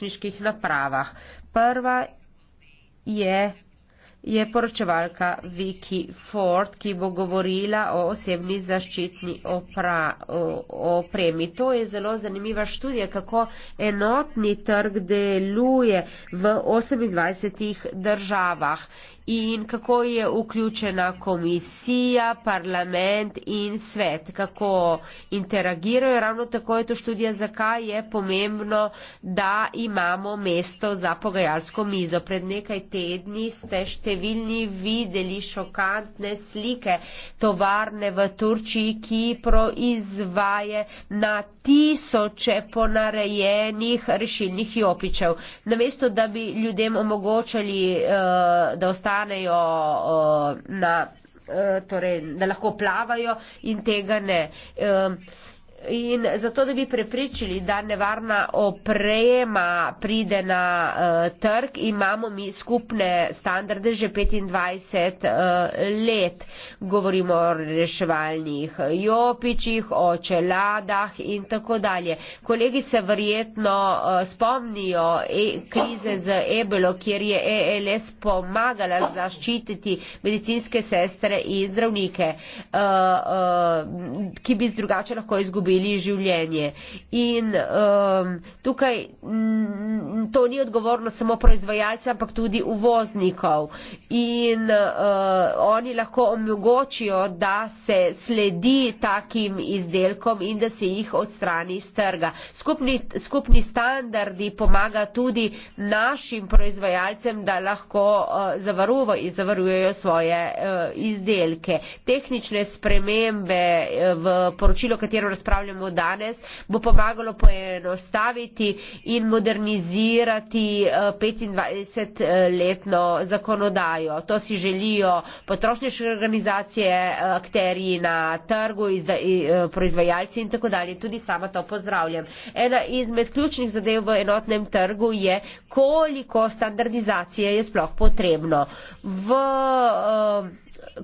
priročniških napravah. Prva je, je poročevalka Vicky Ford, ki bo govorila o osebni zaščitni opra, o, opremi. To je zelo zanimiva študija, kako enotni trg deluje v 28 državah in kako je vključena komisija, parlament in svet, kako interagirajo. Ravno tako je to študija, zakaj je pomembno, da imamo mesto za pogajalsko mizo. Pred nekaj tedni ste številni videli šokantne slike tovarne v Turčiji, ki proizvaje na tisoče ponarejenih rešilnih jopičev. Namesto, da bi ljudem omogočali, eh, da ostane ostanejo uh, na, uh, torej, da lahko plavajo in tega ne. Uh, In zato, da bi prepričali, da nevarna oprema pride na uh, trg, imamo mi skupne standarde že 25 uh, eh, let. Govorimo o reševalnih jopičih, o čeladah in tako dalje. Kolegi se verjetno uh, spomnijo e krize z Ebelo, kjer je ELS pomagala zaščititi medicinske sestre in zdravnike, uh, uh, ki bi drugače lahko izgubili izgubili življenje. In um, tukaj m, mm, to ni odgovorno samo proizvajalca, ampak tudi uvoznikov. In uh, oni lahko omogočijo, da se sledi takim izdelkom in da se jih odstrani iz trga. Skupni, skupni standardi pomaga tudi našim proizvajalcem, da lahko uh, zavarujo in zavarujejo svoje uh, izdelke. Tehnične spremembe uh, v poročilo, katero razpravljamo, razpravljamo danes, bo pomagalo poenostaviti in modernizirati 25-letno eh, zakonodajo. To si želijo potrošniške organizacije, eh, akterji na trgu, eh, proizvajalci in tako dalje. Tudi sama to pozdravljam. Ena izmed ključnih zadev v enotnem trgu je, koliko standardizacije je sploh potrebno. V,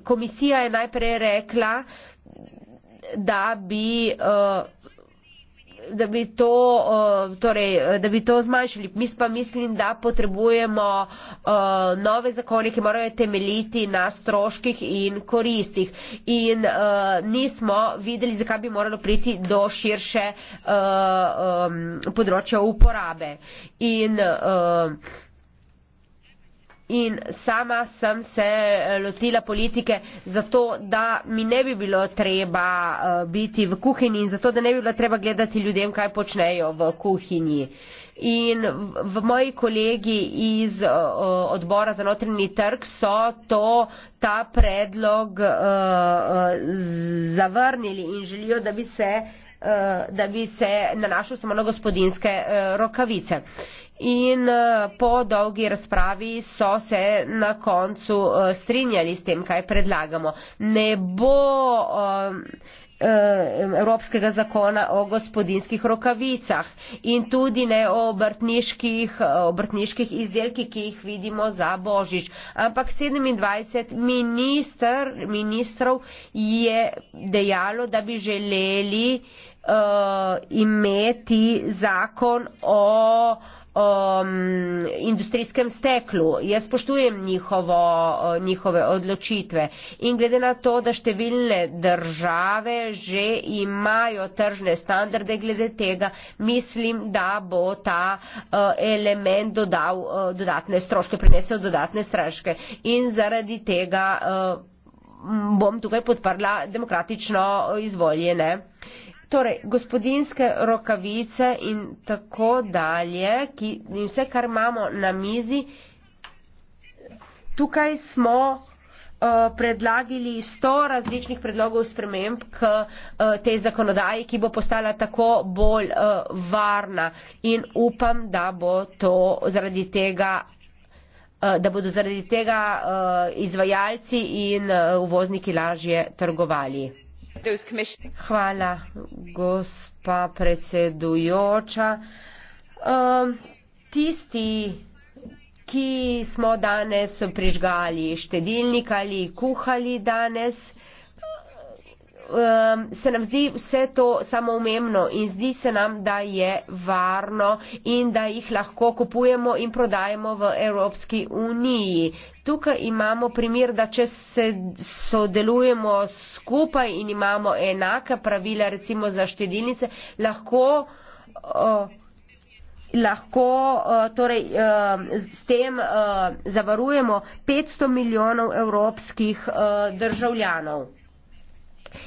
Komisija je najprej rekla, da bi eh, da bi to, eh, torej, eh, da bi to zmanjšali. Mi pa mislim, da potrebujemo nove zakone, ki morajo temeljiti na stroških in koristih. In nismo videli, zakaj bi moralo priti do širše področja uporabe. In, in sama sem se eh, lotila politike zato, da mi ne bi bilo treba eh, biti v kuhinji in zato, da ne bi bilo treba gledati ljudem, kaj počnejo v kuhinji. In v, v moji kolegi iz o, eh, odbora za notrni trg so to, ta predlog o, o, zavrnili in želijo, da bi se, o, da bi se nanašal samo na gospodinske o, rokavice. In eh, po dolgi razpravi so se na koncu eh, strinjali s tem, kaj predlagamo. Ne bo eh, Evropskega zakona o gospodinskih rokavicah in tudi ne o obrtniških, obrtniških izdelkih, ki jih vidimo za božič. Ampak 27 minister, ministrov je dejalo, da bi želeli uh, imeti zakon o uh, o um, industrijskem steklu. Jaz poštujem njihovo, uh, njihove odločitve in glede na to, da številne države že imajo tržne standarde glede tega, mislim, da bo ta uh, element dodal uh, dodatne stroške, prinesel dodatne stroške in zaradi tega bom tukaj podprla demokratično izvoljene. Torej, gospodinske rokavice in tako dalje, ki, in vse, kar imamo na mizi, tukaj smo uh, eh, predlagili sto različnih predlogov sprememb k uh, tej zakonodaji, ki bo postala tako bolj uh, varna in upam, da bo to zaradi tega da bodo zaradi tega uh, izvajalci in uh, uvozniki lažje trgovali. Hvala, gospa predsedujoča. Um, tisti, ki smo danes prižgali štedilnik ali kuhali danes, um, se nam zdi vse to samoumemno in zdi se nam, da je varno in da jih lahko kupujemo in prodajemo v Evropski uniji tukaj imamo primer, da če se sodelujemo skupaj in imamo enaka pravila, recimo za štedilnice, lahko, uh, lahko uh, torej, uh, s tem uh, zavarujemo 500 milijonov evropskih uh, državljanov.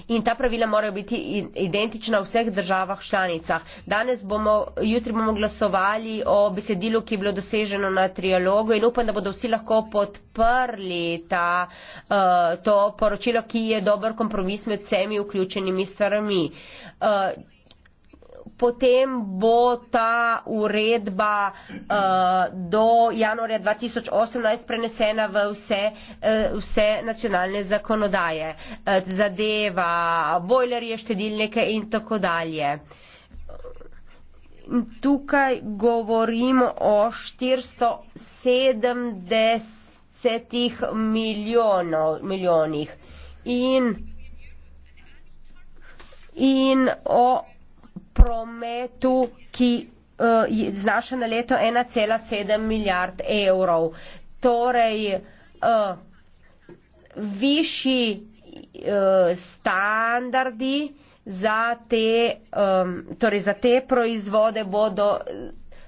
In ta pravila morajo biti identična v vseh državah članicah. Danes bomo, jutri bomo glasovali o besedilu, ki je bilo doseženo na trialogu in upam, da bodo vsi lahko podprli ta, uh, to poročilo, ki je dober kompromis med vsemi vključenimi stvarmi. Uh, potem bo ta uredba uh, do januarja 2018 prenesena v vse, uh, vse nacionalne zakonodaje. Uh, zadeva, bojlerje, štedilnike in tako dalje. Tukaj govorimo o 470 milijonov, milijonih in, in o prometu, ki eh, znaša na leto 1,7 milijard evrov. Torej, eh, višji eh, standardi za te, torej za te proizvode bodo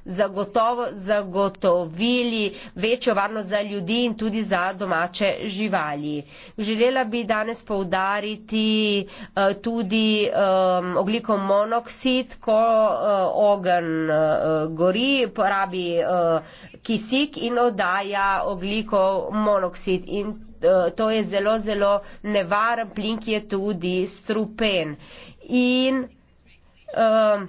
zagotovo, zagotovili večjo varnost za ljudi in tudi za domače živali. Želela bi danes povdariti uh, eh, tudi um, ehm, ogliko monoksid, ko uh, eh, ogen uh, eh, gori, porabi uh, kisik in odaja ogliko monoksid. In To je zelo, zelo nevaren plin, ki je tudi strupen. In um,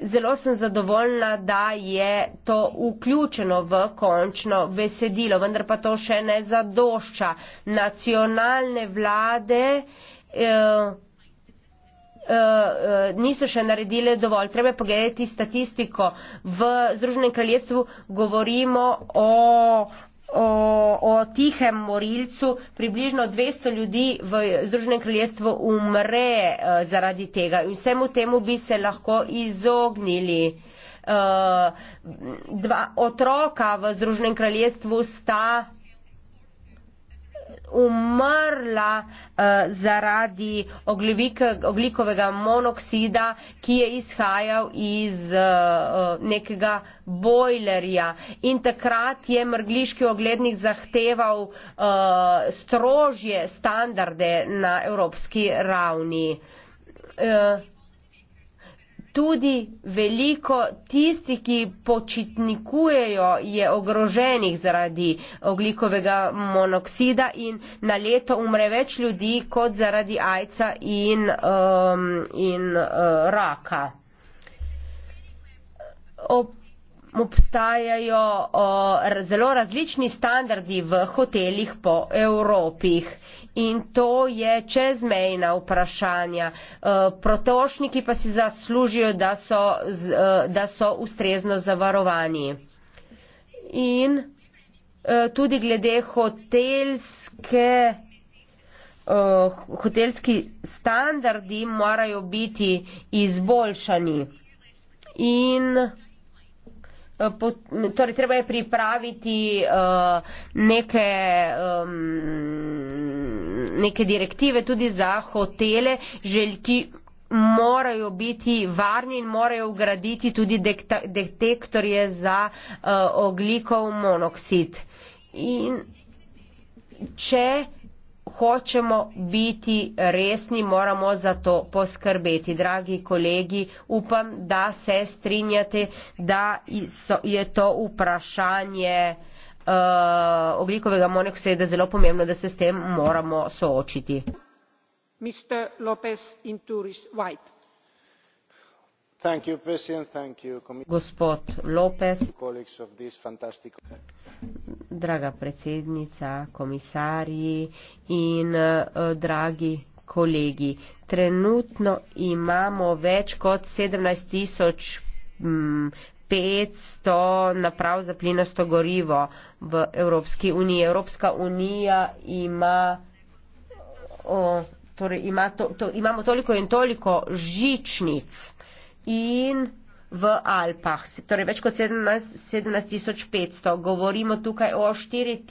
Zelo sem zadovoljna, da je to vključeno v končno besedilo, vendar pa to še ne zadošča. Nacionalne vlade eh, eh, eh niso še naredile dovolj. Treba je pogledati statistiko. V Združenem kraljestvu govorimo o o, o tihem morilcu. Približno 200 ljudi v Združenem kraljestvu umre uh, zaradi tega in vsemu temu bi se lahko izognili. Uh, dva otroka v Združenem kraljestvu sta umrla uh, zaradi oglikovega monoksida, ki je izhajal iz uh, nekega bojlerja. In takrat je mrgliški oglednik zahteval uh, strožje standarde na evropski ravni. Uh, tudi veliko tistih, ki počitnikujejo, je ogroženih zaradi oglikovega monoksida in na leto umre več ljudi kot zaradi ajca in, um, in uh, raka. Ob obstajajo zelo različni standardi v hotelih po Evropi. In to je čezmejna vprašanja. E, Protošniki pa si zaslužijo, da so, e, da so ustrezno zavarovani. In e, tudi glede hotelske, hotelski standardi morajo biti izboljšani. In Eh, torej treba je pripraviti eh, neke, neke direktive tudi za hotele, željki morajo biti varni in morajo ugraditi tudi detektorje za eh, ogljikov monoksid. In če hočemo biti resni, moramo za to poskrbeti. Dragi kolegi, upam, da se strinjate, da je to vprašanje uh, eh, oglikovega monoksida zelo pomembno, da se s tem moramo soočiti. Mr. Lopez in Turis White gospod lópez draga predsednica komisarji in uh, dragi kolegi trenutno imamo več kot sedemnajst tisoč mm, petsto naprav za plinasto gorivo v evropski uniji evropska unija ima o, torej ima to, to, imamo toliko in toliko žičnic in v Alpah, torej več kot 17500. Govorimo tukaj o 4000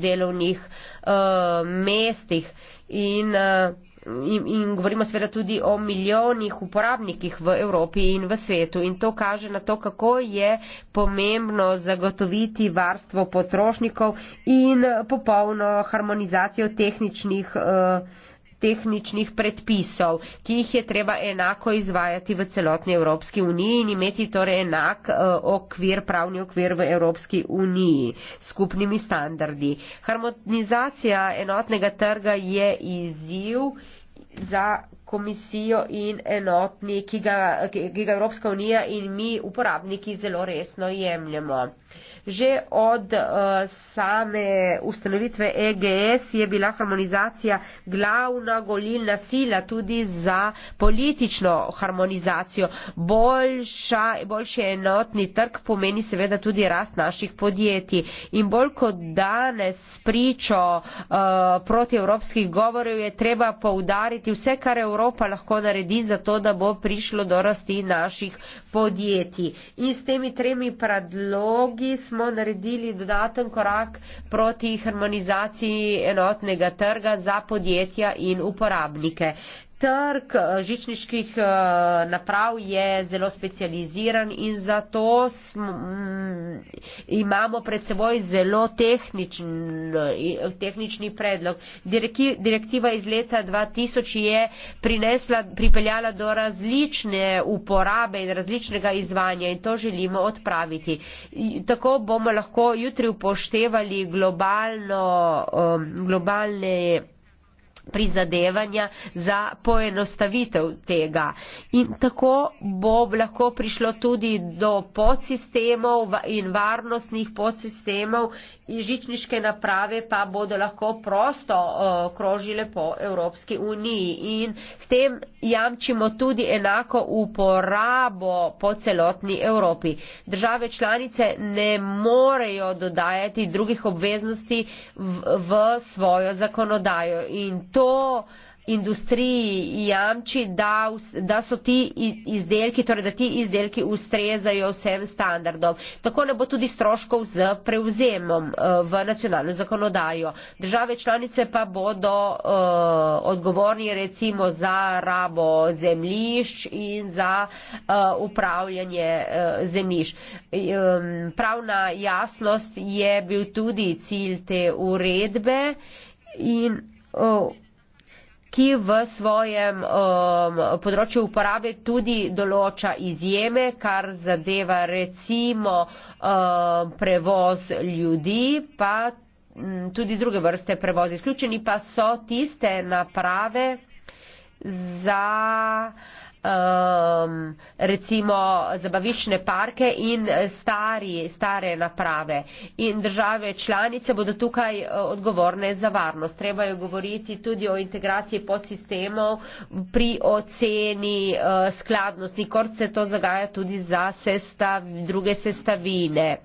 delovnih uh, mestih in, uh, in, in govorimo seveda tudi o milijonih uporabnikih v Evropi in v svetu. In to kaže na to, kako je pomembno zagotoviti varstvo potrošnikov in popolno harmonizacijo tehničnih. Uh, tehničnih predpisov, ki jih je treba enako izvajati v celotni Evropski uniji in imeti torej enak eh, okvir, pravni okvir v Evropski uniji s skupnimi standardi. Harmonizacija enotnega trga je izziv za komisijo in enotni, ki ga, ki ga Evropska unija in mi uporabniki zelo resno jemljemo. Že od eh, same ustanovitve EGS je bila harmonizacija glavna golilna sila tudi za politično harmonizacijo. Boljša, boljši enotni trg pomeni seveda tudi rast naših podjetij. In bolj kot danes pričo uh, eh, proti evropskih govorov je treba poudariti vse, kar Evropa lahko naredi za to, da bo prišlo do rasti naših podjetij regiji smo naredili dodaten korak proti harmonizaciji enotnega trga za podjetja in uporabnike trg eh, žičniških eh, naprav je zelo specializiran in zato smo, mm, imamo pred seboj zelo tehničn, eh, tehnični predlog. Direktiva iz leta 2000 je prinesla, pripeljala do različne uporabe in različnega izvanja in to želimo odpraviti. Tako bomo lahko jutri upoštevali globalno, globalne prizadevanja za poenostavitev tega. In tako bo lahko prišlo tudi do podsistemov in varnostnih podsistemov in žičniške naprave pa bodo lahko prosto uh, krožile po Evropski uniji. In s tem jamčimo tudi enako uporabo po celotni Evropi. Države članice ne morejo dodajati drugih obveznosti v, v svojo zakonodajo. In to industriji jamči, da, da so ti izdelki, torej da ti izdelki ustrezajo vsem standardom. Tako ne bo tudi stroškov z prevzemom eh, v nacionalno zakonodajo. Države članice pa bodo uh, odgovorni recimo za rabo zemljišč in za uh, upravljanje uh, zemljišč. Um, ehm, pravna jasnost je bil tudi cilj te uredbe in. Uh, ki v svojem um, področju uporabe tudi določa izjeme, kar zadeva recimo um, prevoz ljudi, pa tudi druge vrste prevoz. Izključeni pa so tiste naprave za um, recimo zabaviščne parke in eh, stari, stare naprave. In države članice bodo tukaj eh, odgovorne za varnost. Treba je govoriti tudi o integraciji podsistemov pri oceni uh, skladnosti, kot se to zagaja tudi za sestav, druge sestavine.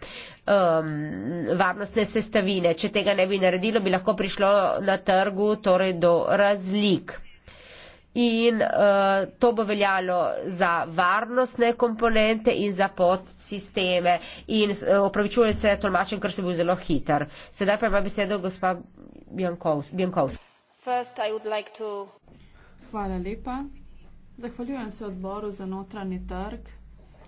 Um, varnostne sestavine. Če tega ne bi naredilo, bi lahko prišlo na trgu torej do razlik in uh, to bo veljalo za varnostne komponente in za podsisteme. In uh, opravičujem se, tolmačem, ker sem bil zelo hiter. Sedaj pa ima besedo gospa Bjankovska. Like to... Hvala lepa. Zahvaljujem se odboru za notranji trg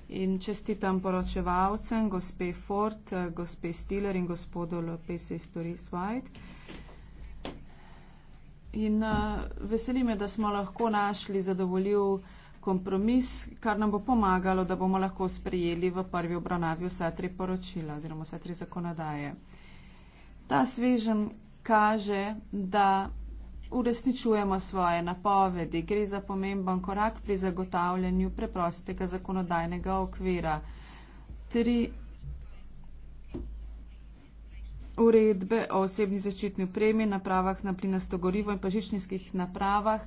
in čestitam poročevalcem, gospe Ford, gospe Stiller in gospodu Lopez iz Turis White. In uh, veseli me, da smo lahko našli zadovoljiv kompromis, kar nam bo pomagalo, da bomo lahko sprejeli v prvi obravnavi vsa tri poročila oziroma vsa tri zakonodaje. Ta svežen kaže, da uresničujemo svoje napovedi. Gre za pomemben korak pri zagotavljanju preprostega zakonodajnega okvira. Tri uredbe o osebni zaščitni opremi, napravah na plinasto gorivo in pa žičniških napravah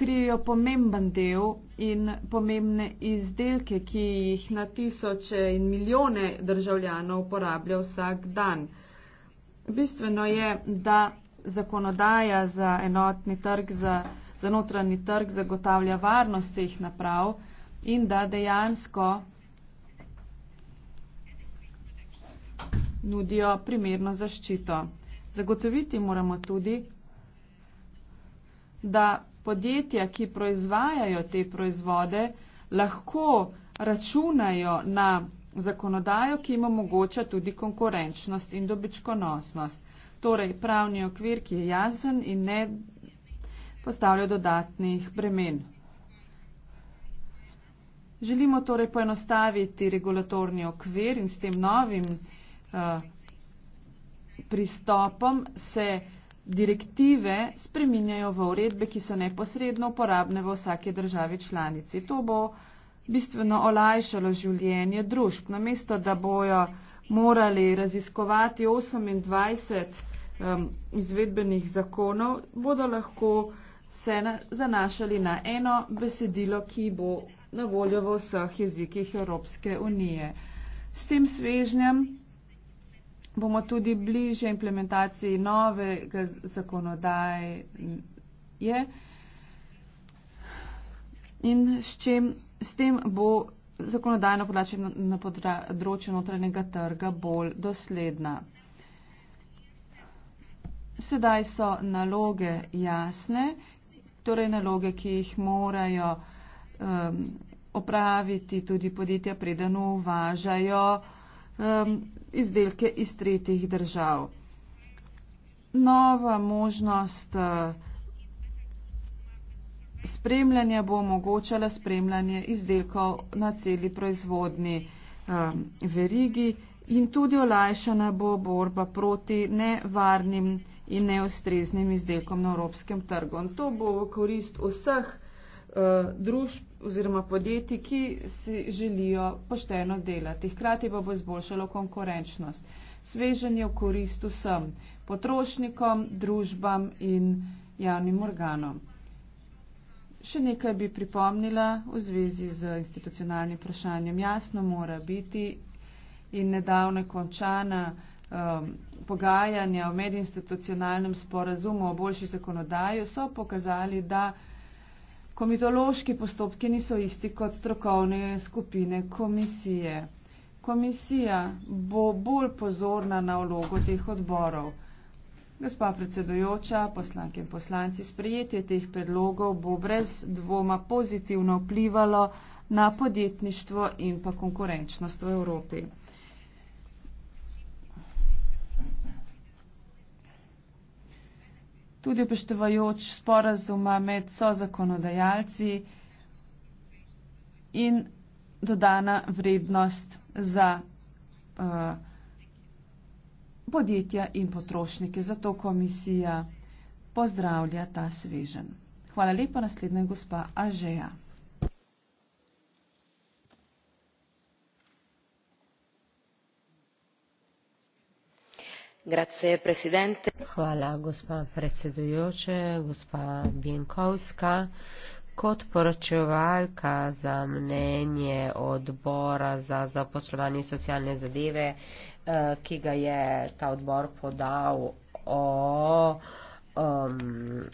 krijejo pomemben del in pomembne izdelke, ki jih na tisoče in milijone državljanov uporablja vsak dan. Bistveno je, da zakonodaja za enotni trg, za, za notranji trg zagotavlja varnost teh naprav in da dejansko nudijo primerno zaščito. Zagotoviti moramo tudi, da podjetja, ki proizvajajo te proizvode, lahko računajo na zakonodajo, ki jim omogoča tudi konkurenčnost in dobičkonosnost. Torej, pravni okvir, ki je jasen in ne postavlja dodatnih bremen. Želimo torej poenostaviti regulatorni okvir in s tem novim Eh, pristopom se direktive spreminjajo v uredbe, ki so neposredno uporabne v vsake državi članici. To bo bistveno olajšalo življenje družb. Namesto, da bojo morali raziskovati 28 um, izvedbenih zakonov, bodo lahko se na, zanašali na eno besedilo, ki bo na voljo v vseh jezikih Evropske unije. S tem svežnjem bomo tudi bliže implementaciji nove zakonodaje in s, čem, s tem bo zakonodajno področje na področju notranjega trga bolj dosledna. Sedaj so naloge jasne, torej naloge, ki jih morajo um, opraviti tudi podjetja, preden uvažajo um, izdelke iz tretjih držav. Nova možnost eh, spremljanja bo omogočala spremljanje izdelkov na celi proizvodni eh, verigi in tudi olajšana bo borba proti nevarnim in neustreznim izdelkom na evropskem trgu. In to bo v korist vseh. Eh, družb oziroma podjetij, ki si želijo pošteno delati. Hkrati pa bo izboljšalo konkurenčnost. Svežen je v korist vsem potrošnikom, družbam in javnim organom. Še nekaj bi pripomnila v zvezi z institucionalnim vprašanjem. Jasno mora biti in nedavno končana um, pogajanja o medinstitucionalnem sporazumu o boljši zakonodaji so pokazali, da Komitološki postopki niso isti kot strokovne skupine komisije. Komisija bo bolj pozorna na vlogo teh odborov. Gospa predsedujoča, poslanke in poslanci, sprejetje teh predlogov bo brez dvoma pozitivno vplivalo na podjetništvo in pa konkurenčnost v Evropi. tudi upoštevajoč sporazuma med sozakonodajalci in dodana vrednost za uh, podjetja in potrošnike. Zato komisija pozdravlja ta svežen. Hvala lepa, naslednja gospa Ažeja. hvala gospa predsedujoča gospa biekowska kot poročevalka za mnenje odbora za zaposlovanje in socialne zadeve eh, ki ga je ta odbor podal o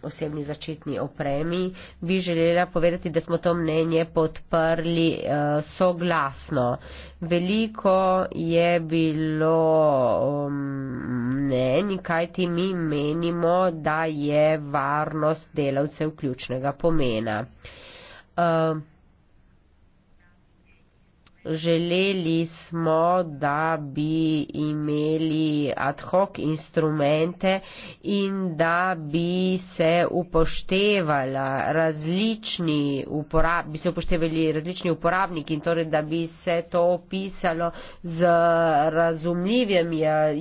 osebni začetni opremi. Bi želela povedati, da smo to mnenje podprli uh, soglasno. Veliko je bilo um, mnenj, kajti mi menimo, da je varnost delavcev ključnega pomena. Uh, Želeli smo, da bi imeli ad hoc instrumente in da bi se upoštevala različni uporab, bi se upoštevali različni uporabniki in torej, da bi se to opisalo z razumljivim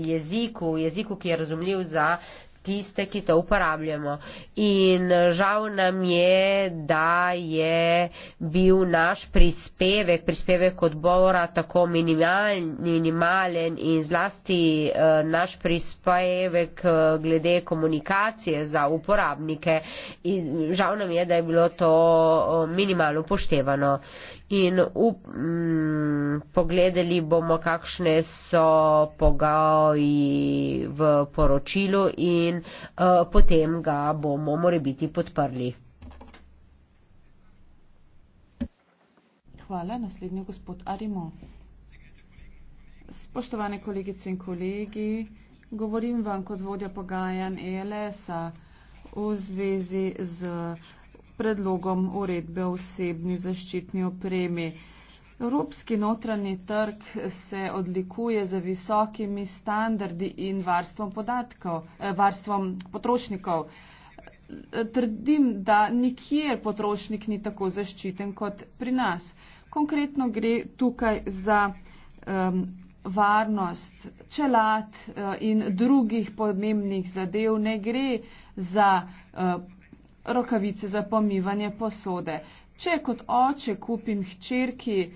jeziku, jeziku, ki je razumljiv za tiste, ki to uporabljamo. In žal nam je, da je bil naš prispevek, prispevek odbora tako minimalen, minimalen in zlasti uh, naš prispevek uh, glede komunikacije za uporabnike. In žal nam je, da je bilo to uh, minimalno upoštevano. Uh, in up, mm, pogledali bomo, kakšne so pogoji v poročilu in uh, potem ga bomo morebiti podprli. Hvala. Naslednji gospod Arimo. Spoštovane kolegice in kolegi, govorim vam kot vodja pogajanj ELS-a v zvezi z. Uh, predlogom uredbe o osebni zaščitni opremi. Evropski notranji trg se odlikuje za visokimi standardi in varstvom, podatkov, eh, varstvom potrošnikov. Trdim, da nikjer potrošnik ni tako zaščiten kot pri nas. Konkretno gre tukaj za um, varnost čelat uh, eh, in drugih pomembnih zadev. Ne gre za uh, rokavice za pomivanje posode. Če kot oče kupim hčerki eh,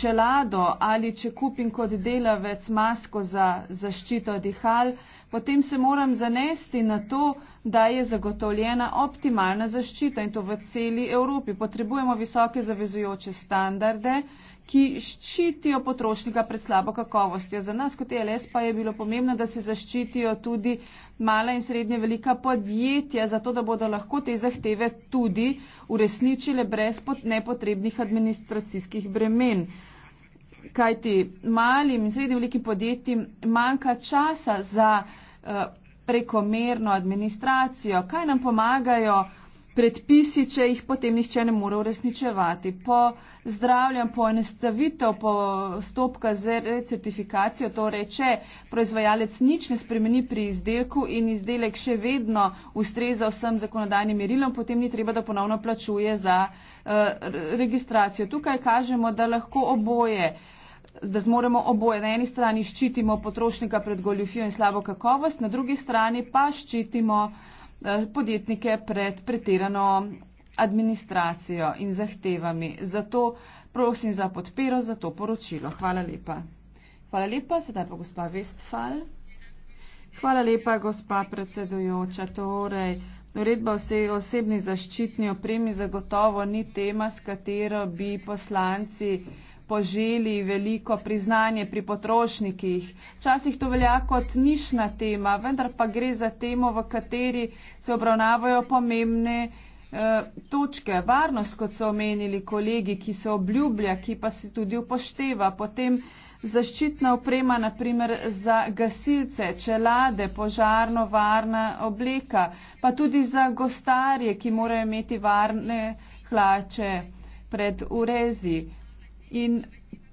čelado ali če kupim kot delavec masko za zaščito dihal, potem se moram zanesti na to, da je zagotovljena optimalna zaščita in to v celi Evropi. Potrebujemo visoke zavezujoče standarde ki ščitijo potrošnika pred slabo kakovostjo. Za nas kot ELS pa je bilo pomembno, da se zaščitijo tudi uh, mala in srednje velika podjetja, zato da bodo lahko te zahteve tudi uresničile brez nepotrebnih administracijskih bremen. Kajti malim in srednje velikim podjetjem manjka časa za uh, prekomerno administracijo. Kaj nam pomagajo? predpisi, če jih potem nihče ne more uresničevati. Po zdravljam, po enestavitev, po stopka z recertifikacijo, torej, če proizvajalec nič ne spremeni pri izdelku in izdelek še vedno ustreza vsem zakonodajnim merilom, potem ni treba, da ponovno plačuje za uh, registracijo. Tukaj kažemo, da lahko oboje da zmoremo oboje. Na eni strani ščitimo potrošnika pred goljufijo in slabo kakovost, na drugi strani pa ščitimo uh, Eh, podjetnike pred pretirano administracijo in zahtevami. Zato prosim za podpiro za to poročilo. Hvala lepa. Hvala lepa, sedaj pa gospa Westfall. Hvala lepa, gospa predsedujoča. Torej, uredba o osebni zaščitni opremi zagotovo ni tema, s katero bi poslanci poželi veliko priznanje pri potrošnikih. Včasih to velja kot nišna tema, vendar pa gre za temo, v kateri se obravnavajo pomembne eh, točke. Varnost, kot so omenili kolegi, ki se obljublja, ki pa se tudi upošteva. Potem zaščitna oprema, naprimer za gasilce, čelade, požarno varna obleka, pa tudi za gostarje, ki morajo imeti varne hlače pred urezi. In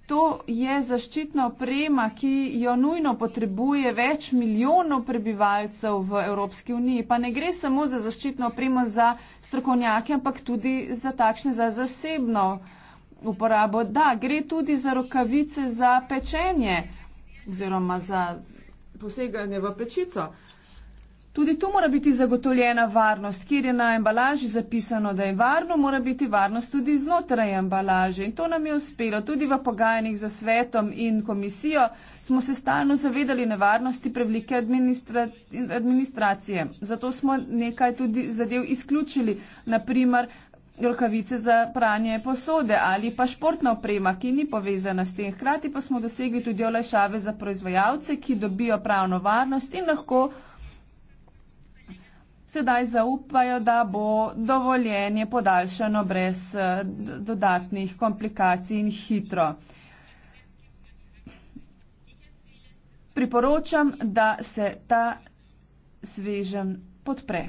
to je zaščitna oprema, ki jo nujno potrebuje več milijonov prebivalcev v Evropski uniji. Pa ne gre samo za zaščitno opremo za strokovnjake, ampak tudi za takšne za zasebno uporabo. Da, gre tudi za rokavice za pečenje oziroma za poseganje v pečico. Tudi tu mora biti zagotovljena varnost, kjer je na embalaži zapisano, da je varno, mora biti varnost tudi znotraj embalaže. In to nam je uspelo. Tudi v pogajanjih za svetom in komisijo smo se stalno zavedali nevarnosti prevelike administra administracije. Zato smo nekaj tudi zadev izključili, naprimer rokavice za pranje posode ali pa športna oprema, ki ni povezana s tem. Hkrati pa smo dosegli tudi olajšave za proizvajalce, ki dobijo pravno varnost in lahko sedaj zaupajo, da bo dovoljenje podaljšano brez eh, dodatnih komplikacij in hitro. Priporočam, da se ta svežen podpre.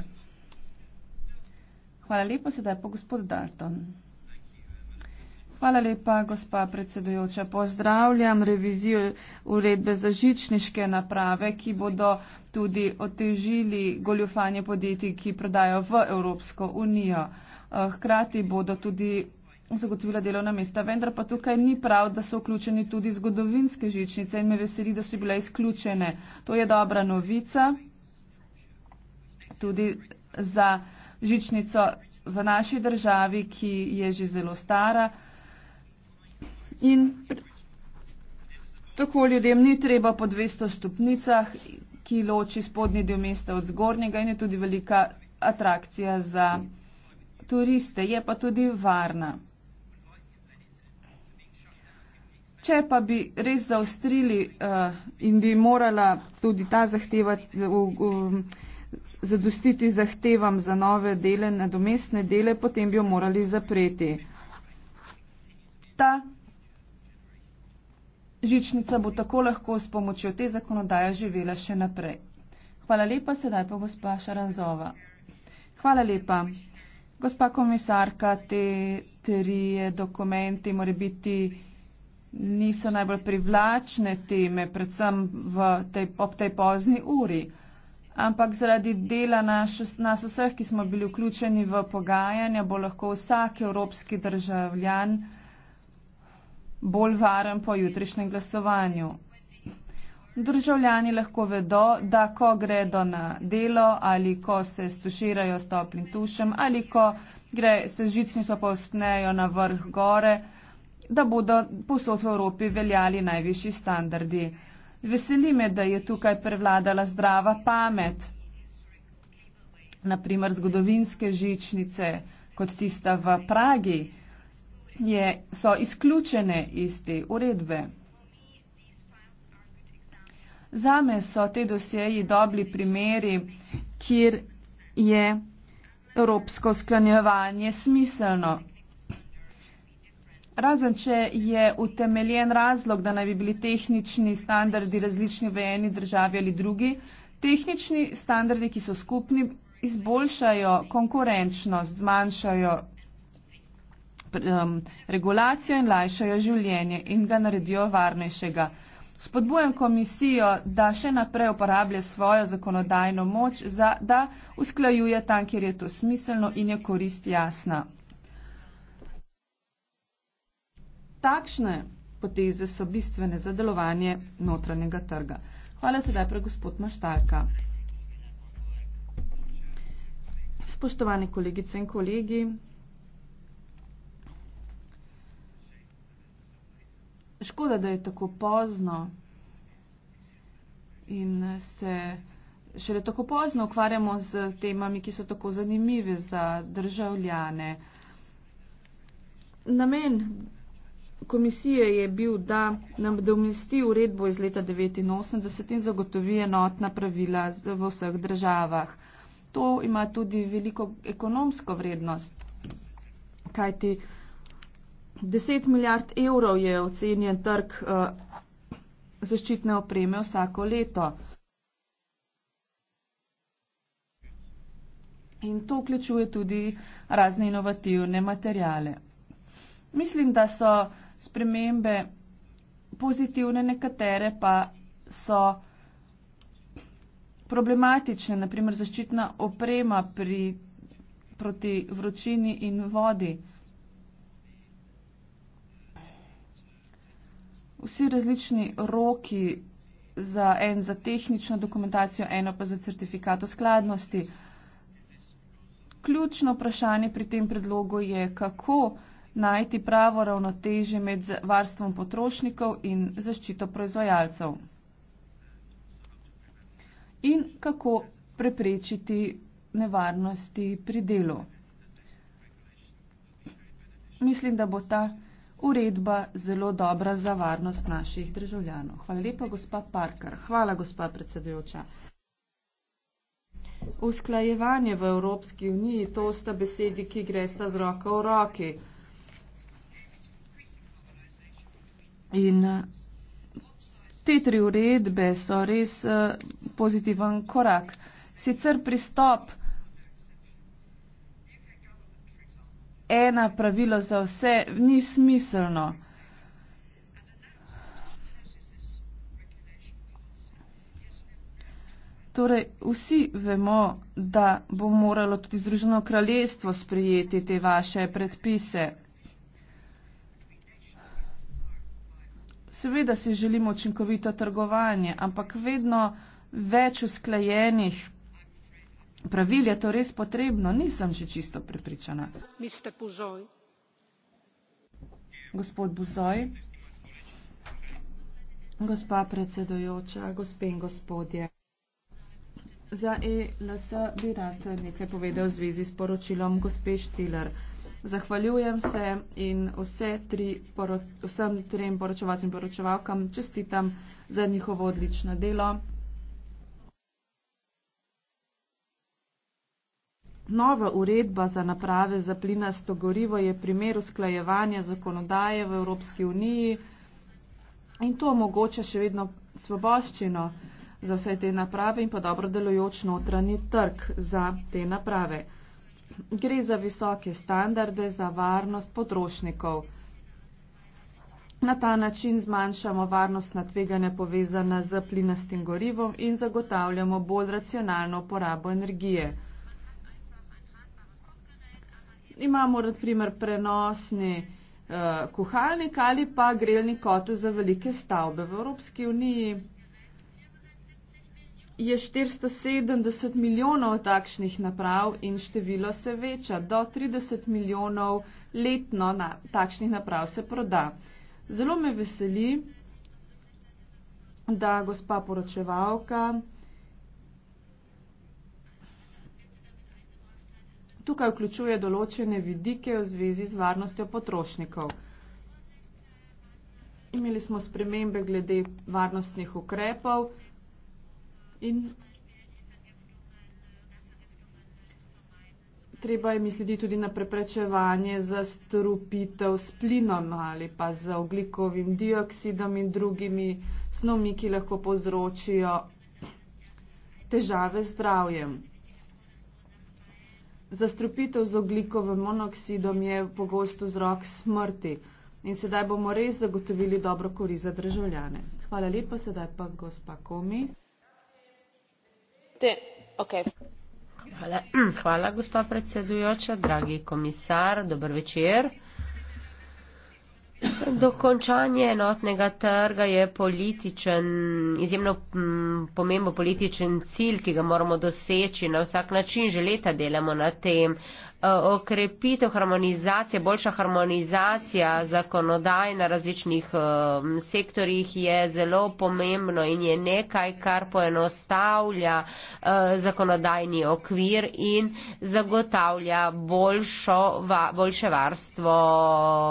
Hvala lepa, sedaj pa gospod Dalton. Hvala lepa, gospa predsedujoča. Pozdravljam revizijo uredbe za žičniške naprave, ki bodo tudi otežili goljufanje podjetij, ki prodajo v Evropsko unijo. Eh, hkrati bodo tudi zagotovila delovna mesta, vendar pa tukaj ni prav, da so vključeni tudi zgodovinske žičnice in me veseli, da so bile izključene. To je dobra novica tudi za žičnico v naši državi, ki je že zelo stara in tako ljudem ni treba po 200 stopnicah, ki loči spodnji del mesta od zgornjega in je tudi velika atrakcija za turiste, je pa tudi varna. Če pa bi res zaostrili uh, in bi morala tudi ta zahteva uh, uh, zadostiti zahtevam za nove dele, nadomestne dele, potem bi jo morali zapreti. Ta Žičnica bo tako lahko s pomočjo te zakonodaje živela še naprej. Hvala lepa, sedaj pa gospa Šaranzova. Hvala lepa. Gospa komisarka, te trije dokumenti more biti niso najbolj privlačne teme, predvsem v tej, ob tej pozni uri. Ampak zaradi dela naš, nas vseh, ki smo bili vključeni v pogajanja, bo lahko vsak evropski državljan bolj varen po jutrišnjem glasovanju. Državljani lahko vedo, da ko gredo na delo ali ko se stuširajo s toplim tušem ali ko gre, se žicnico povspnejo na vrh gore, da bodo posod v Evropi veljali najvišji standardi. Veseli me, da je tukaj prevladala zdrava pamet, naprimer zgodovinske žičnice kot tista v Pragi je, so izključene iz te uredbe. Zame so te dosjeji dobri primeri, kjer je evropsko sklanjevanje smiselno. Razen, če je utemeljen razlog, da naj bi bili tehnični standardi različni v eni državi ali drugi, tehnični standardi, ki so skupni, izboljšajo konkurenčnost, zmanjšajo um, regulacijo in lajšajo življenje in ga naredijo varnejšega. Spodbujam komisijo, da še naprej uporablja svojo zakonodajno moč, za, da usklajuje tam, kjer je to smiselno in je korist jasna. Takšne poteze so bistvene za delovanje notranjega trga. Hvala sedaj pre gospod Maštalka. Spoštovani kolegice in kolegi, Škoda, da je tako pozno in se šele tako pozno ukvarjamo z temami, ki so tako zanimive za državljane. Namen komisije je bil, da nam domesti uredbo iz leta 1989 in zagotovi enotna pravila v vseh državah. To ima tudi veliko ekonomsko vrednost, kajti 10 milijard evrov je ocenjen trg uh, zaščitne opreme vsako leto. In to vključuje tudi razne inovativne materijale. Mislim, da so spremembe pozitivne, nekatere pa so problematične, naprimer zaščitna oprema pri, proti vročini in vodi. vsi različni roki za en za tehnično dokumentacijo, eno pa za certifikat o skladnosti. Ključno vprašanje pri tem predlogu je, kako najti pravo ravnoteže med varstvom potrošnikov in zaščito proizvajalcev. In kako preprečiti nevarnosti pri delu. Mislim, da bo ta uredba zelo dobra za varnost naših državljanov. Hvala lepa, gospa Parker. Hvala, gospa predsedujoča. Usklajevanje v Evropski uniji, to sta besedi, ki gresta z roko v roki. In te tri uredbe so res eh, pozitiven korak. Sicer pristop, ena pravila za vse, ni smiselno. Torej, vsi vemo, da bo moralo tudi Združeno kraljestvo sprejeti te vaše predpise. Seveda si želimo učinkovito trgovanje, ampak vedno več usklajenih pravil je to res potrebno, nisem še čisto prepričana. Gospod Buzoj, gospa predsedojoča, gospe in gospodje. Za ELS bi rad nekaj povedal v zvezi s poročilom gospe Štiler. Zahvaljujem se in vse tri poro, vsem trem poročevalcem in poročevalkam čestitam za njihovo odlično delo. Nova uredba za naprave za plinasto gorivo je primer usklajevanja zakonodaje v Evropski uniji in to omogoča še vedno svoboščino za vse te naprave in pa dobro delujoč notranji trg za te naprave. Gre za visoke standarde za varnost potrošnikov. Na ta način zmanjšamo varnostna tveganja povezana z plinastim gorivom in zagotavljamo bolj racionalno uporabo energije imamo na primer prenosni eh, kuhalnik ali pa grelni kotel za velike stavbe. V Evropski uniji je 470 milijonov takšnih naprav in število se veča. Do 30 milijonov letno na, takšnih naprav se proda. Zelo me veseli, da gospa poročevalka Tukaj vključuje določene vidike v zvezi z varnostjo potrošnikov. Imeli smo spremembe glede varnostnih ukrepov in treba je misliti tudi na preprečevanje za strupitev s plinom ali pa z oglikovim dioksidom in drugimi snovmi, ki lahko povzročijo težave zdravjem zastrupitev z oglikovim monoksidom je pogosto vzrok smrti. In sedaj bomo res zagotovili dobro kori za državljane. Hvala lepa, sedaj pa gospa Komi. Te, okay. Hvala, hvala gospa predsedujoča, dragi komisar, dober večer. Dokončanje enotnega trga je političen, izjemno mm, pomembno političen cilj, ki ga moramo doseči na vsak način. Že leta delamo na tem okrepitev harmonizacije, boljša harmonizacija zakonodaj na različnih eh, sektorjih je zelo pomembno in je nekaj, kar poenostavlja eh, zakonodajni okvir in zagotavlja boljšo, boljše varstvo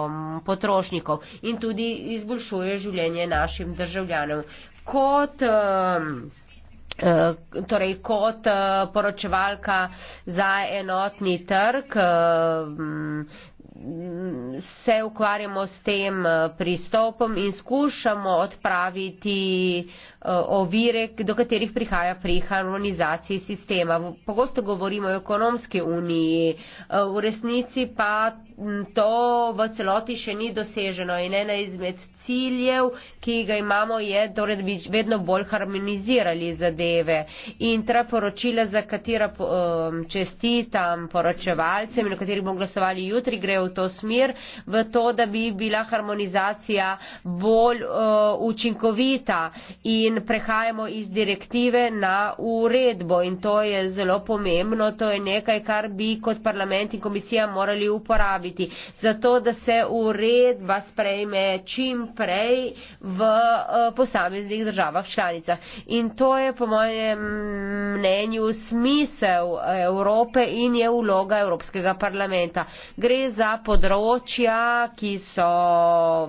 mm, potrošnikov in tudi izboljšuje življenje našim državljanov. Kot uh, Eh, torej, kot eh, poročevalka za enotni trg eh, se ukvarjamo s tem pristopom in skušamo odpraviti uh, Eh, ovire, do katerih prihaja pri harmonizaciji sistema. Pogosto govorimo o ekonomski uniji, eh, v resnici pa mm, to v celoti še ni doseženo in ena izmed ciljev, ki ga imamo, je, torej, da bi vedno bolj harmonizirali zadeve. In ta poročila, za katera eh, čestitam poročevalcem in o katerih bomo glasovali jutri, gre v to smer, v to, da bi bila harmonizacija bolj učinkovita. In in prehajamo iz direktive na uredbo in to je zelo pomembno, to je nekaj, kar bi kot parlament in komisija morali uporabiti. Zato, da se uredba sprejme čim prej v eh, posameznih državah članicah. In to je po mojem mnenju smisel eh, Evrope in je vloga Evropskega parlamenta. Gre za področja, ki so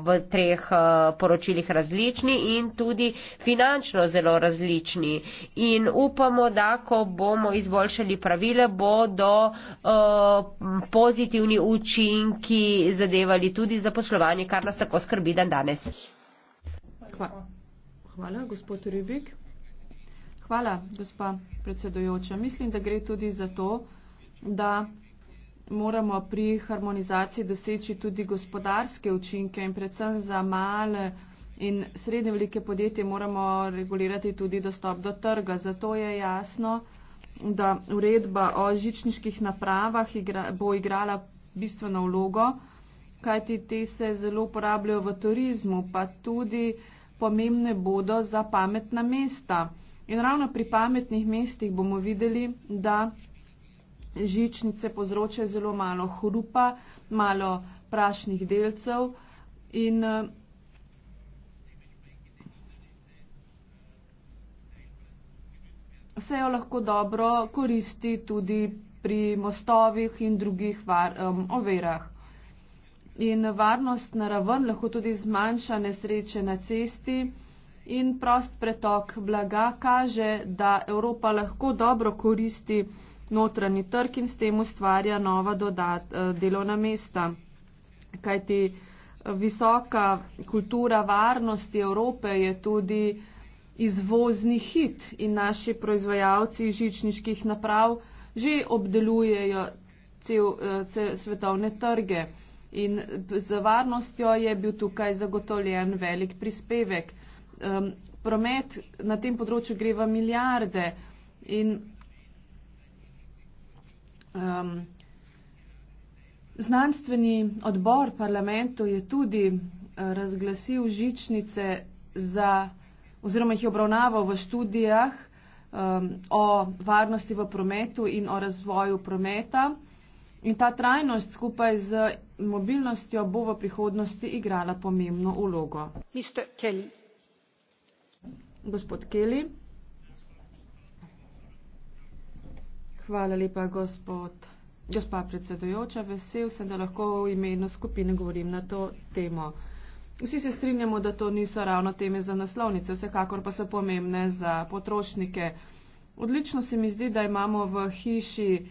v treh eh, poročilih različni in tudi finančni finančno zelo različni in upamo, da ko bomo izboljšali pravile, bodo uh, eh, pozitivni učinki zadevali tudi za poslovanje, kar nas tako skrbi dan danes. Hvala, gospod Ribik. Hvala, gospa predsedujoča. Mislim, da gre tudi za to, da moramo pri harmonizaciji doseči tudi gospodarske učinke in predvsem za male. In srednje velike podjetje moramo regulirati tudi dostop do trga. Zato je jasno, da uredba o žičniških napravah igra, bo igrala bistveno vlogo, kajti te se zelo uporabljajo v turizmu, pa tudi pomembne bodo za pametna mesta. In ravno pri pametnih mestih bomo videli, da žičnice povzročajo zelo malo hrupa, malo prašnih delcev in se jo lahko dobro koristi tudi pri mostovih in drugih var, um, overah. In varnost na raven lahko tudi zmanjša nesreče na cesti in prost pretok blaga kaže, da Evropa lahko dobro koristi notranji trg in s tem ustvarja nova dodat, eh, delovna mesta. Kajti eh, visoka kultura varnosti Evrope je tudi izvozni hit in naši proizvajalci žičniških naprav že obdelujejo cel, cel eh, svetovne trge. In z varnostjo je bil tukaj zagotovljen velik prispevek. Um, promet na tem področju gre v milijarde in um, znanstveni odbor parlamentu je tudi uh, razglasil žičnice za oziroma jih je obravnaval v študijah um, o varnosti v prometu in o razvoju prometa. In ta trajnost skupaj z mobilnostjo bo v prihodnosti igrala pomembno ulogo. Mr. Kelly. Gospod Kelly. Hvala lepa, gospod. Gospa predsedojoča, vesel sem, da lahko v imenu skupine govorim na to temo. Vsi se strinjamo, da to niso ravno teme za naslovnice, vsekakor pa so pomembne za potrošnike. Odlično se mi zdi, da imamo v hiši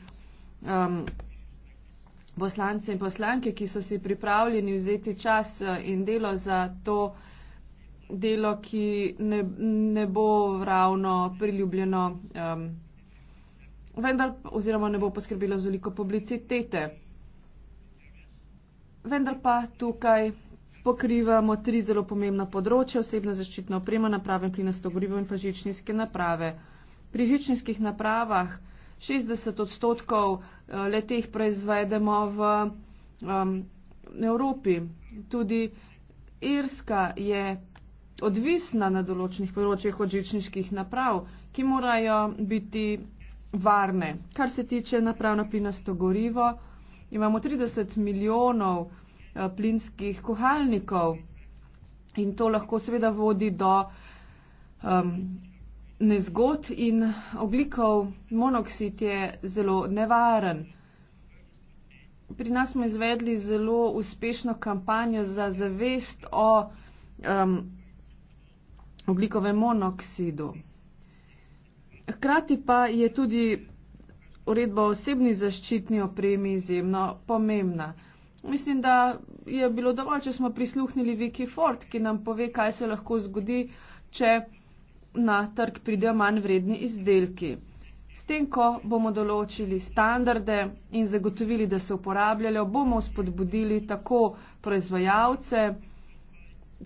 um, poslance in poslanke, ki so si pripravljeni vzeti čas eh, in delo za to delo, ki ne, ne bo ravno priljubljeno, um, vendar oziroma ne bo poskrbilo z veliko publicitete. Vendar pa tukaj pokrivamo tri zelo pomembna področja, osebna zaščitna oprema, naprave plinasto gorivo in pa žičninske naprave. Pri žičninskih napravah 60 odstotkov eh, leteh proizvedemo v um, Evropi. Tudi Irska je odvisna na določenih področjih od žičniških naprav, ki morajo biti varne. Kar se tiče naprav na plinasto gorivo, imamo 30 milijonov. Eh, plinskih kuhalnikov. In to lahko seveda vodi do um, nezgod in oglikov monoksid je zelo nevaren. Pri nas smo izvedli zelo uspešno kampanjo za zavest o um, oglikovem monoksidu. Hkrati pa je tudi uredba o osebni zaščitni opremi izjemno pomembna. Mislim, da je bilo dovolj, če smo prisluhnili Viki Ford, ki nam pove, kaj se lahko zgodi, če na trg pridejo manj vredni izdelki. S tem, ko bomo določili standarde in zagotovili, da se uporabljajo, bomo spodbudili tako proizvajalce,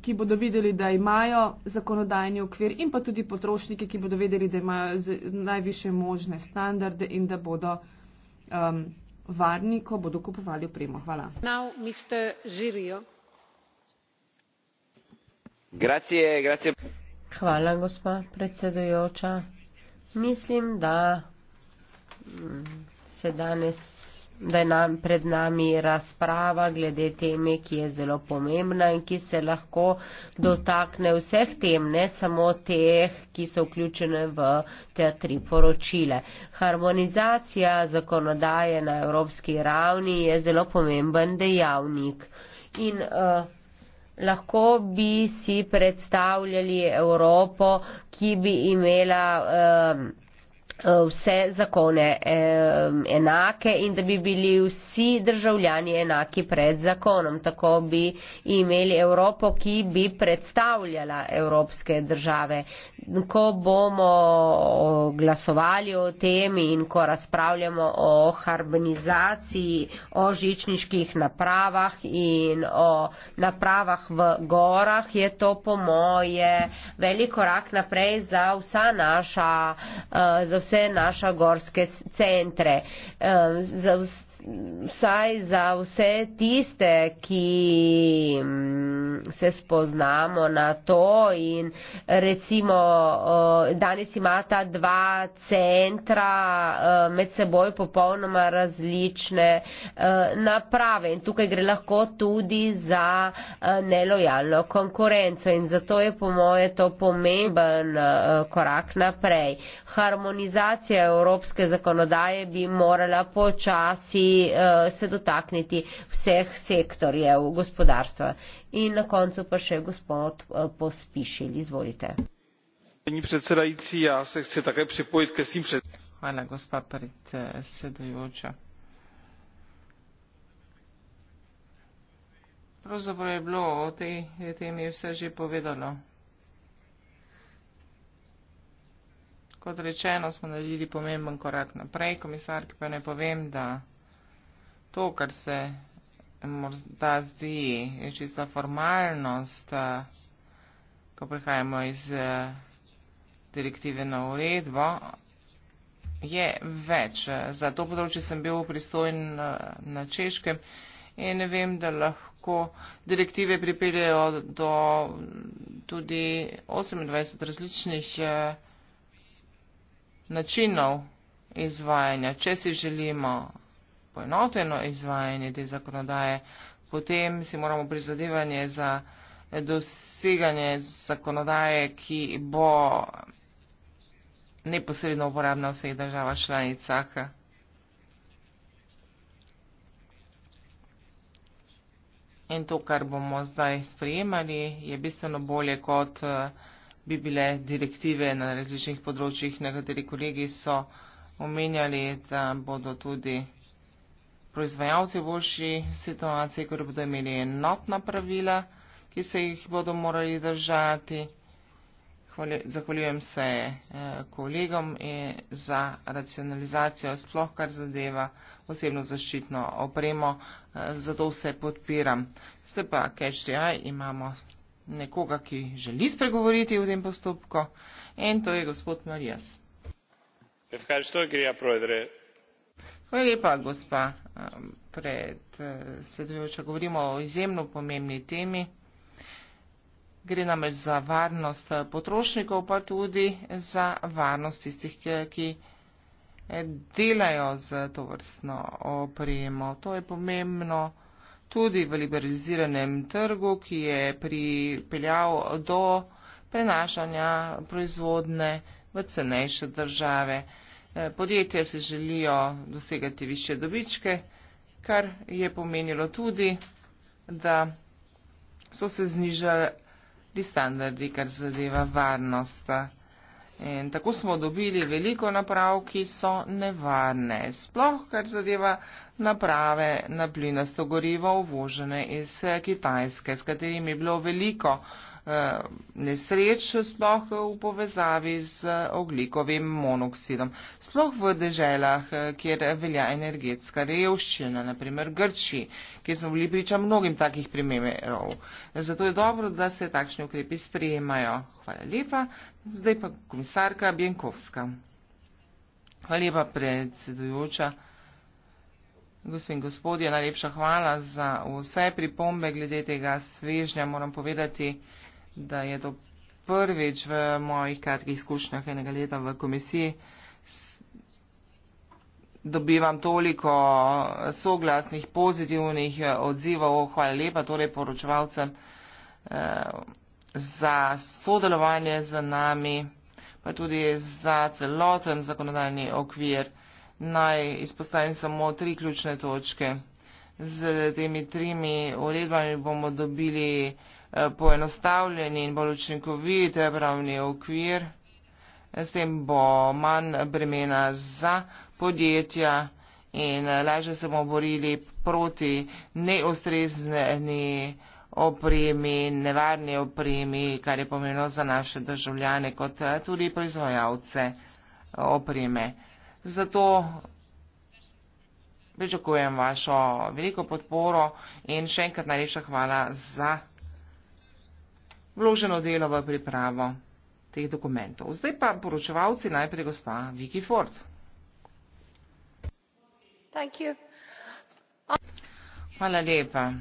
ki bodo videli, da imajo zakonodajni okvir in pa tudi potrošniki, ki bodo vedeli, da imajo najviše možne standarde in da bodo um, varni ko bodo kupovali opremo. mislim da se danes vsi strinjamo da je treba podpreti da je nam, pred nami razprava glede teme, ki je zelo pomembna in ki se lahko dotakne vseh tem, ne samo teh, ki so vključene v te tri poročile. Harmonizacija zakonodaje na evropski ravni je zelo pomemben dejavnik. In, uh, Lahko bi si predstavljali Evropo, ki bi imela eh, Eh, vse zakone enake in da bi bili vsi državljani enaki pred zakonom. Tako bi imeli Evropo, ki bi predstavljala evropske države. Ko bomo glasovali o temi in ko razpravljamo o harmonizaciji, o žičniških napravah in o napravah v gorah, je to po moje velik korak naprej za vsa naša. Eh, za vsa vse naša gorske centre, eh, za vse vsaj za vse tiste, ki mm, se spoznamo na to in recimo danes ima ta dva centra med seboj popolnoma različne naprave in tukaj gre lahko tudi za nelojalno konkurenco in zato je po moje to pomemben korak naprej. Harmonizacija evropske zakonodaje bi morala počasi Eh, se dotakniti vseh sektorjev gospodarstva. In na koncu pa še gospod eh, Pospišil, izvolite. Pani predsedajci, ja se chcem také pripojiti, ker sem pred... Hvala, gospa predsedujoča. Pravzaprav je bilo o tej temi vse že povedalo. Kot rečeno, smo naredili pomemben korak naprej, komisarki pa ne povem, da to, kar se morda zdi čista formalnost, eh, ko prihajamo iz eh, direktive na uredbo, je več. Za to področje sem bil pristojen eh, na Češkem in vem, da lahko direktive pripeljejo do tudi 28 različnih načinov izvajanja, če si želimo poenoteno izvajanje te zakonodaje, potem si moramo prizadevanje za doseganje zakonodaje, ki bo neposredno uporabna v vseh državah članicah. In to, kar bomo zdaj sprejemali, je bistveno bolje, kot eh, bi bile direktive na različnih področjih. Nekateri kolegi so omenjali, da bodo tudi proizvajalci v boljši situaciji, ker bodo imeli enotna pravila, ki se jih bodo morali držati. Zahvaljujem se eh, kolegom eh, za racionalizacijo, sploh kar zadeva osebno zaščitno opremo, eh, zato vse podpiram. Ste pa Catch.i, imamo nekoga, ki želi spregovoriti v tem postopku in to je gospod Marijas. Hvala lepa, gospa um, pred sedujoča. Govorimo o izjemno pomembni temi. Gre namreč za varnost eh, potrošnikov, pa tudi za varnost tistih, ki eh, delajo z to vrstno opremo. To je pomembno tudi v liberaliziranem trgu, ki je pripeljal do prenašanja proizvodne v cenejše države. Eh, podjetja si želijo dosegati više dobičke, kar je pomenilo tudi, da so se znižali standardi, kar zadeva varnost. In tako smo dobili veliko naprav, ki so nevarne, sploh kar zadeva naprave na plinasto gorivo uvožene iz Kitajske, s katerimi je bilo veliko uh, Eh, nesreč, sploh v povezavi z oglikovim monoksidom. Sploh v deželah, eh, kjer velja energetska revščina, naprimer Grči, kjer smo bili priča mnogim takih primerov. Zato je dobro, da se takšni ukrepi sprejemajo. Hvala lepa. Zdaj pa komisarka Bjenkovska. Hvala lepa, predsedujoča. Gospod in gospodje, najlepša hvala za vse pripombe glede tega svežnja. Moram povedati, da je to prvič v mojih kratkih izkušnjah enega leta v komisiji. Dobivam toliko soglasnih, pozitivnih eh, odzivov, hvala lepa torej poročevalcem eh, za sodelovanje z nami, pa tudi za celoten zakonodajni okvir. Naj izpostavim samo tri ključne točke. Z temi trimi uredbami bomo dobili Eh, poenostavljen in bolj učinkovit pravni okvir. S tem bo manj bremena za podjetja in eh, lažje se bomo borili proti neustrezni opremi, nevarni opremi, kar je pomenilo za naše državljane kot eh, tudi proizvajalce opreme. Zato pričakujem vašo veliko podporo in še enkrat najlepša hvala za vloženo delo v pripravo teh dokumentov. Zdaj pa poročevalci najprej gospa Viki Ford. Hvala lepa.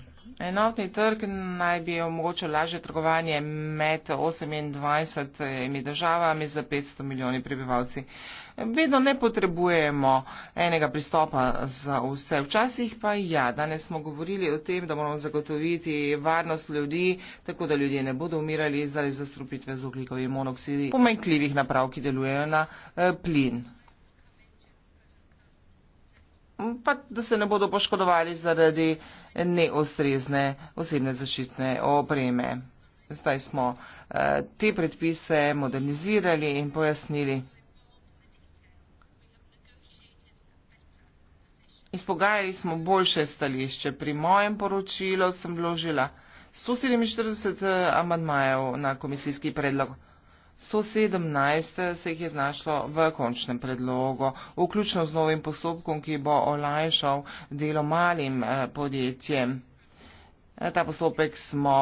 Enotni trg naj bi omogočil lažje trgovanje med 28 državami za 500 milijoni prebivalci vedno ne potrebujemo enega pristopa za vse. Včasih pa ja, danes smo govorili o tem, da moramo zagotoviti varnost ljudi, tako da ljudje ne bodo umirali zaradi zastrupitve z oglikovim monoksidom, pomenkljivih naprav, ki delujejo na eh, plin. Pa da se ne bodo poškodovali zaradi neostrezne osebne zaščitne opreme. Zdaj smo eh, te predpise modernizirali in pojasnili. Izpogajali smo boljše stališče. Pri mojem poročilu sem vložila 147 eh, amadmajev na komisijski predlog. 117 eh, se jih je znašlo v končnem predlogu, vključno z novim postopkom, ki bo olajšal delo malim eh, podjetjem. Ta postopek smo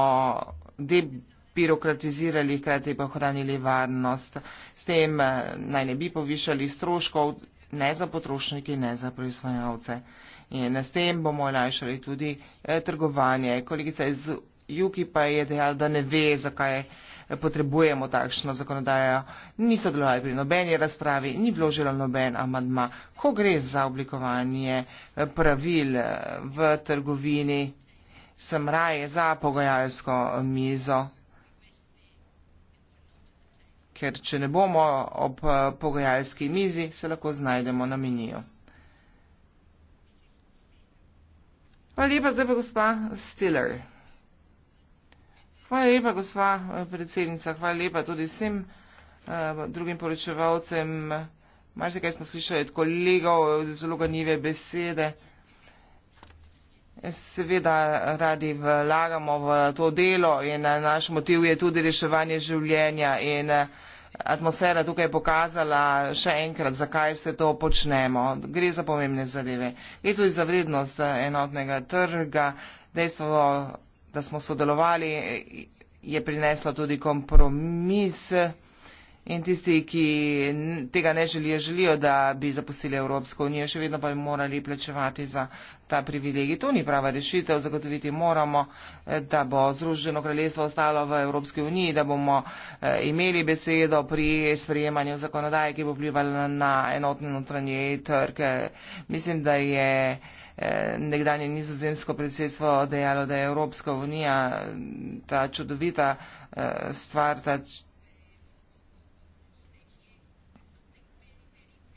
debirokratizirali, hkrati pa ohranili varnost. S tem naj ne bi povišali stroškov ne za potrošniki, ne za proizvajalce. In s tem bomo olajšali tudi eh, trgovanje. Kolegica iz Juki pa je dejala, da ne ve, zakaj eh, potrebujemo takšno zakonodajo. Ni sodelovali pri nobeni razpravi, ni vložila noben amadma. Ko gre za oblikovanje eh, pravil v trgovini, sem raje za pogajalsko mizo ker če ne bomo ob eh, pogajalski mizi, se lahko znajdemo na menijo. Hvala lepa, zdaj pa gospa Stiller. Hvala lepa, gospa eh, predsednica, hvala lepa tudi vsem eh, drugim poročevalcem. Marsikaj smo slišali od kolegov, zelo ganjive besede. Seveda radi vlagamo v to delo in naš motiv je tudi reševanje življenja in atmosfera tukaj je pokazala še enkrat, zakaj vse to počnemo. Gre za pomembne zadeve. Gre tudi za vrednost enotnega trga. Dejstvo, da smo sodelovali, je prineslo tudi kompromis. In tisti, ki tega ne želijo, želijo, da bi zaposlili Evropsko unijo, še vedno pa bi morali plačevati za ta privilegij. To ni prava rešitev. Zagotoviti moramo, eh, da bo Združeno kraljestvo ostalo v Evropski uniji, da bomo eh, imeli besedo pri sprejemanju zakonodaje, ki bo vplivala na enotne notranje trge. Mislim, da je eh, nekdanje nizozemsko predsedstvo dejalo, da je Evropska unija ta čudovita stvar, ta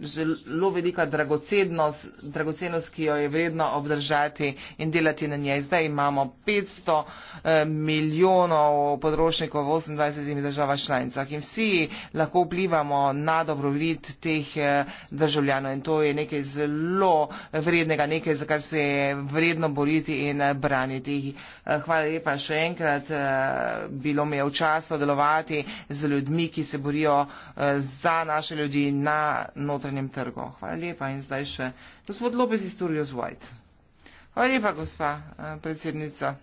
zelo velika dragocednost, dragocednost, ki jo je vredno obdržati in delati na njej. Zdaj imamo 500 eh, milijonov področnikov v 28 državah članicah in vsi lahko vplivamo na dobrobit teh eh, državljanov in to je nekaj zelo vrednega, nekaj, za kar se je vredno boriti in eh, braniti. Hvala lepa še enkrat, bilo mi je v času delovati z ljudmi, ki se borijo za naše ljudi na notranjosti notranjem trgu. Hvala lepa in zdaj še gospod Lopez iz Turijo Zvojt. Hvala lepa, gospa eh, predsednica.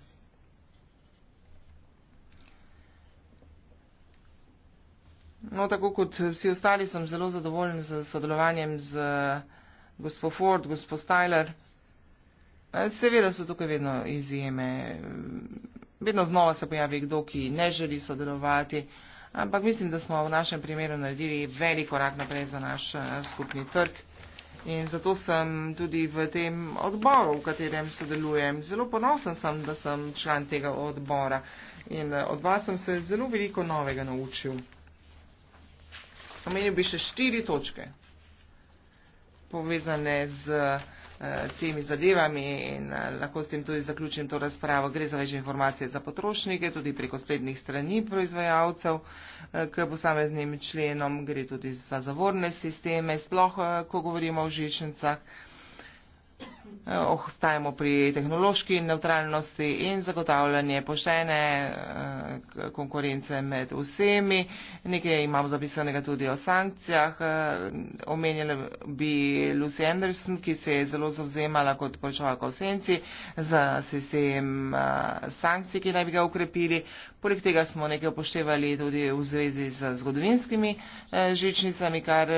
No, tako kot vsi ostali, sem zelo zadovoljen z sodelovanjem z eh, gospod Ford, gospod Styler. Eh, seveda so tukaj vedno izjeme. Vedno znova se pojavi kdo, ki ne želi sodelovati ampak mislim, da smo v našem primeru naredili velik korak naprej za naš eh, skupni trg. In zato sem tudi v tem odboru, v katerem sodelujem. Zelo ponosen sem, da sem član tega odbora. In eh, od vas sem se zelo veliko novega naučil. Omenil bi še štiri točke, povezane z. Eh, temi zadevami in eh, lahko s tem tudi zaključim to razpravo. Gre za večje informacije za potrošnike, tudi preko spletnih strani proizvajalcev, eh, k posameznim členom, gre tudi za zavorne sisteme, sploh ko govorimo o žičnicah. Eh, ostajamo pri tehnološki neutralnosti in zagotavljanje poštene eh, konkurence med vsemi. Nekaj imamo zapisanega tudi o sankcijah. Eh, omenjala bi Lucy Anderson, ki se je zelo zavzemala kot končevalka v senci za sistem sankcij, ki naj bi ga ukrepili. Poleg tega smo nekaj upoštevali tudi v zvezi z zgodovinskimi žičnicami, kar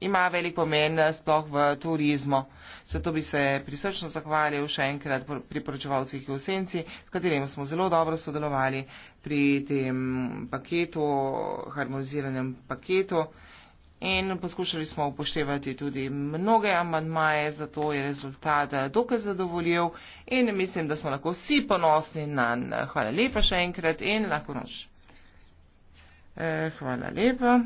ima velik pomen eh, sploh v turizmu. Zato bi se prisrčno zahvalil še enkrat priporočevalcih v Senci, s katerim smo zelo dobro sodelovali pri tem paketu, harmoniziranem paketu. In poskušali smo upoštevati tudi mnoge amadmaje, zato je rezultat eh, dokaj zadovoljiv in mislim, da smo lahko vsi ponosni na njega. Hvala lepa še enkrat in lahko noč. Eh, hvala lepa.